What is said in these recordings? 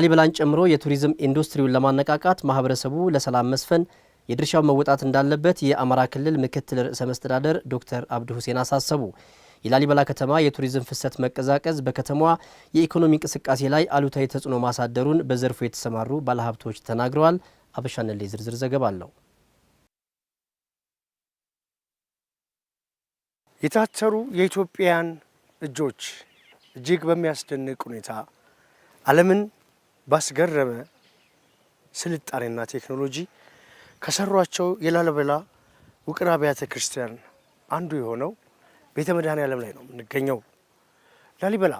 ላሊበላን ጨምሮ የቱሪዝም ኢንዱስትሪውን ለማነቃቃት ማህበረሰቡ ለሰላም መስፈን የድርሻው መወጣት እንዳለበት የአማራ ክልል ምክትል ርዕሰ መስተዳደር ዶክተር አብዱ ሁሴን አሳሰቡ። የላሊበላ ከተማ የቱሪዝም ፍሰት መቀዛቀዝ በከተማዋ የኢኮኖሚ እንቅስቃሴ ላይ አሉታዊ ተጽዕኖ ማሳደሩን በዘርፉ የተሰማሩ ባለሀብቶች ተናግረዋል። አበሻነሌ ዝርዝር ዘገባ አለው። የታተሩ የኢትዮጵያን እጆች እጅግ በሚያስደንቅ ሁኔታ ዓለምን ባስገረመ ስልጣኔና ቴክኖሎጂ ከሰሯቸው የላሊበላ ውቅር አብያተ ክርስቲያን አንዱ የሆነው ቤተ መድኃኔ ዓለም ላይ ነው የምንገኘው። ላሊበላ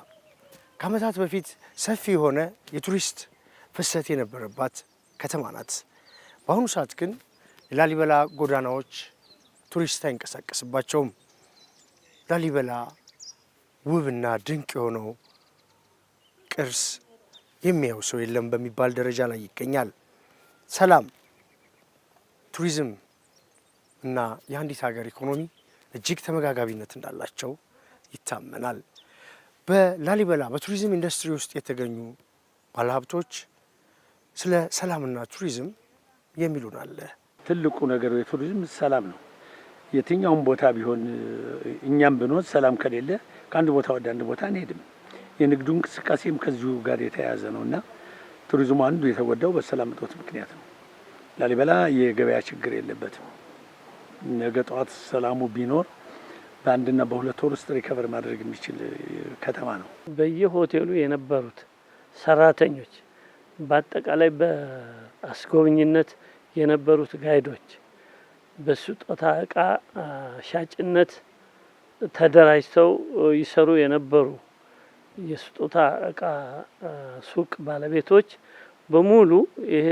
ከዓመታት በፊት ሰፊ የሆነ የቱሪስት ፍሰት የነበረባት ከተማ ናት። በአሁኑ ሰዓት ግን የላሊበላ ጎዳናዎች ቱሪስት አይንቀሳቀስባቸውም። ላሊበላ ውብና ድንቅ የሆነው ቅርስ የሚያየው ሰው የለም በሚባል ደረጃ ላይ ይገኛል። ሰላም፣ ቱሪዝም እና የአንዲት ሀገር ኢኮኖሚ እጅግ ተመጋጋቢነት እንዳላቸው ይታመናል። በላሊበላ በቱሪዝም ኢንዱስትሪ ውስጥ የተገኙ ባለሀብቶች ስለ ሰላምና ቱሪዝም የሚሉን አለ። ትልቁ ነገር የቱሪዝም ሰላም ነው። የትኛውም ቦታ ቢሆን እኛም ብንወስድ ሰላም ከሌለ ከአንድ ቦታ ወደ አንድ ቦታ አንሄድም። የንግዱ እንቅስቃሴም ከዚሁ ጋር የተያያዘ ነው እና ቱሪዝሙ አንዱ የተጎዳው በሰላም እጦት ምክንያት ነው። ላሊበላ የገበያ ችግር የለበትም። ነገ ጠዋት ሰላሙ ቢኖር በአንድና በሁለት ወር ውስጥ ሪከቨር ማድረግ የሚችል ከተማ ነው። በየሆቴሉ የነበሩት ሰራተኞች፣ በአጠቃላይ በአስጎብኝነት የነበሩት ጋይዶች፣ በስጦታ እቃ ሻጭነት ተደራጅተው ይሰሩ የነበሩ የስጦታ እቃ ሱቅ ባለቤቶች በሙሉ ይሄ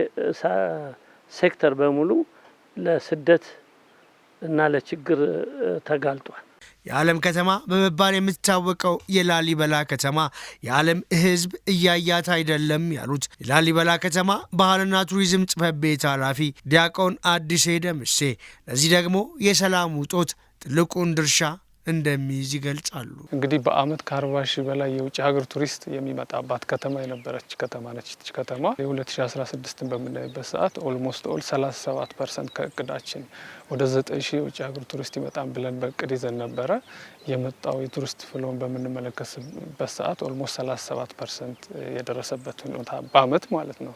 ሴክተር በሙሉ ለስደት እና ለችግር ተጋልጧል። የዓለም ከተማ በመባል የምትታወቀው የላሊበላ ከተማ የዓለም ሕዝብ እያያት አይደለም ያሉት የላሊበላ ከተማ ባህልና ቱሪዝም ጽሕፈት ቤት ኃላፊ ዲያቆን አዲሴ ደምሴ ለዚህ ደግሞ የሰላም ውጦት ትልቁን ድርሻ እንደሚይዝ ይገልጻሉ። እንግዲህ በአመት ከ40 ሺህ በላይ የውጭ ሀገር ቱሪስት የሚመጣባት ከተማ የነበረች ከተማ ነች። ይች ከተማ የ 2016 በምናይበት ሰዓት ኦልሞስት ኦል 37 ፐርሰንት ከእቅዳችን ወደ 9 ሺህ የውጭ ሀገር ቱሪስት ይመጣን ብለን በእቅድ ይዘን ነበረ። የመጣው የቱሪስት ፍሎን በምንመለከትበት ሰዓት ኦልሞስት 37 ፐርሰንት የደረሰበት ሁኔታ በአመት ማለት ነው።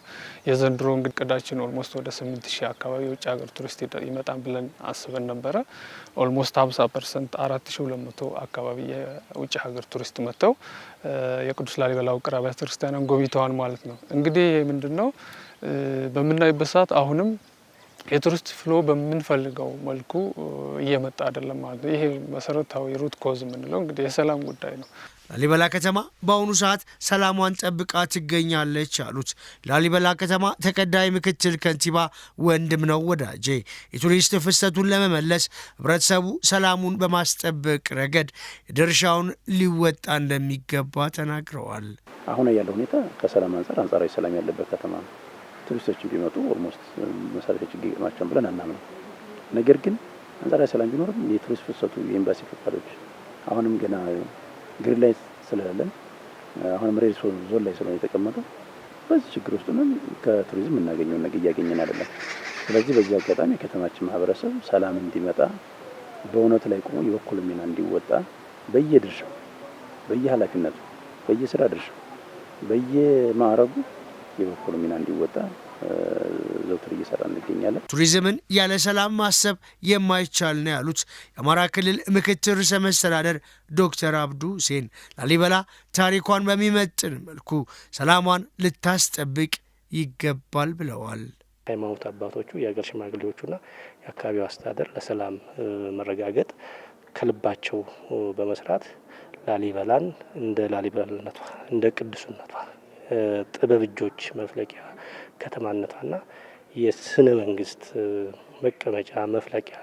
የዘንድሮ እቅዳችን ኦልሞስት ወደ 8 ሺህ አካባቢ የውጭ ሀገር ቱሪስት ይመጣን ብለን አስበን ነበረ። ኦልሞስት 50 ፐርሰንት አራት ሁለት መቶ አካባቢ የውጭ ሀገር ቱሪስት መጥተው የቅዱስ ላሊበላ ውቅር አብያተ ክርስቲያንን ጎብኝተዋል ማለት ነው። እንግዲህ ይህ ምንድን ነው በምናይበት ሰዓት አሁንም የቱሪስት ፍሎ በምንፈልገው መልኩ እየመጣ አይደለም ማለት ነው። ይሄ መሰረታዊ ሩት ኮዝ የምንለው እንግዲህ የሰላም ጉዳይ ነው። ላሊበላ ከተማ በአሁኑ ሰዓት ሰላሟን ጠብቃ ትገኛለች አሉት ላሊበላ ከተማ ተቀዳሚ ምክትል ከንቲባ ወንድም ነው ወዳጄ። የቱሪስት ፍሰቱን ለመመለስ ህብረተሰቡ ሰላሙን በማስጠበቅ ረገድ ድርሻውን ሊወጣ እንደሚገባ ተናግረዋል። አሁን ያለው ሁኔታ ከሰላም አንጻር አንጻራዊ ሰላም ያለበት ከተማ ነው። ቱሪስቶች ቢመጡ ኦልሞስት መሰረታዊ ችግር ብለን አናምንም። ነገር ግን አንጻራዊ ሰላም ቢኖርም የቱሪስት ፍሰቱ የኤምባሲ ፈቃዶች አሁንም ገና ግሪን ላይ ስለሌለን አሁንም ሬድ ዞን ላይ ስለሆነ የተቀመጠው በዚህ ችግር ውስጥ ነን። ከቱሪዝም እናገኘው ነገር እያገኘን አይደለም። ስለዚህ በዚህ አጋጣሚ የከተማችን ማህበረሰብ ሰላም እንዲመጣ በእውነት ላይ ቆሞ የበኩል ሚና እንዲወጣ በየድርሻው፣ በየኃላፊነቱ፣ በየስራ ድርሻው፣ በየማዕረጉ የበኩል ሚና እንዲወጣ ዘውትር እየሰራ እንገኛለን። ቱሪዝምን ያለ ሰላም ማሰብ የማይቻል ነው ያሉት የአማራ ክልል ምክትል ርዕሰ መስተዳደር ዶክተር አብዱ ሁሴን ላሊበላ ታሪኳን በሚመጥን መልኩ ሰላሟን ልታስጠብቅ ይገባል ብለዋል። ሃይማኖት አባቶቹ፣ የሀገር ሽማግሌዎቹና የአካባቢው አስተዳደር ለሰላም መረጋገጥ ከልባቸው በመስራት ላሊበላን እንደ ላሊበላነቷ እንደ ቅዱስነቷ ጥበብ እጆች መፍለቂያ ከተማነቷና የስነ መንግስት መቀመጫ መፍለቂያ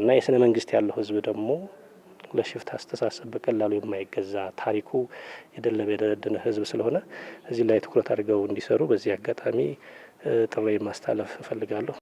እና የስነ መንግስት ያለው ህዝብ ደግሞ ለሽፍት አስተሳሰብ በቀላሉ የማይገዛ ታሪኩ የደለበ የደረደነ ህዝብ ስለሆነ እዚህ ላይ ትኩረት አድርገው እንዲሰሩ በዚህ አጋጣሚ ጥሪ ማስተላለፍ እፈልጋለሁ።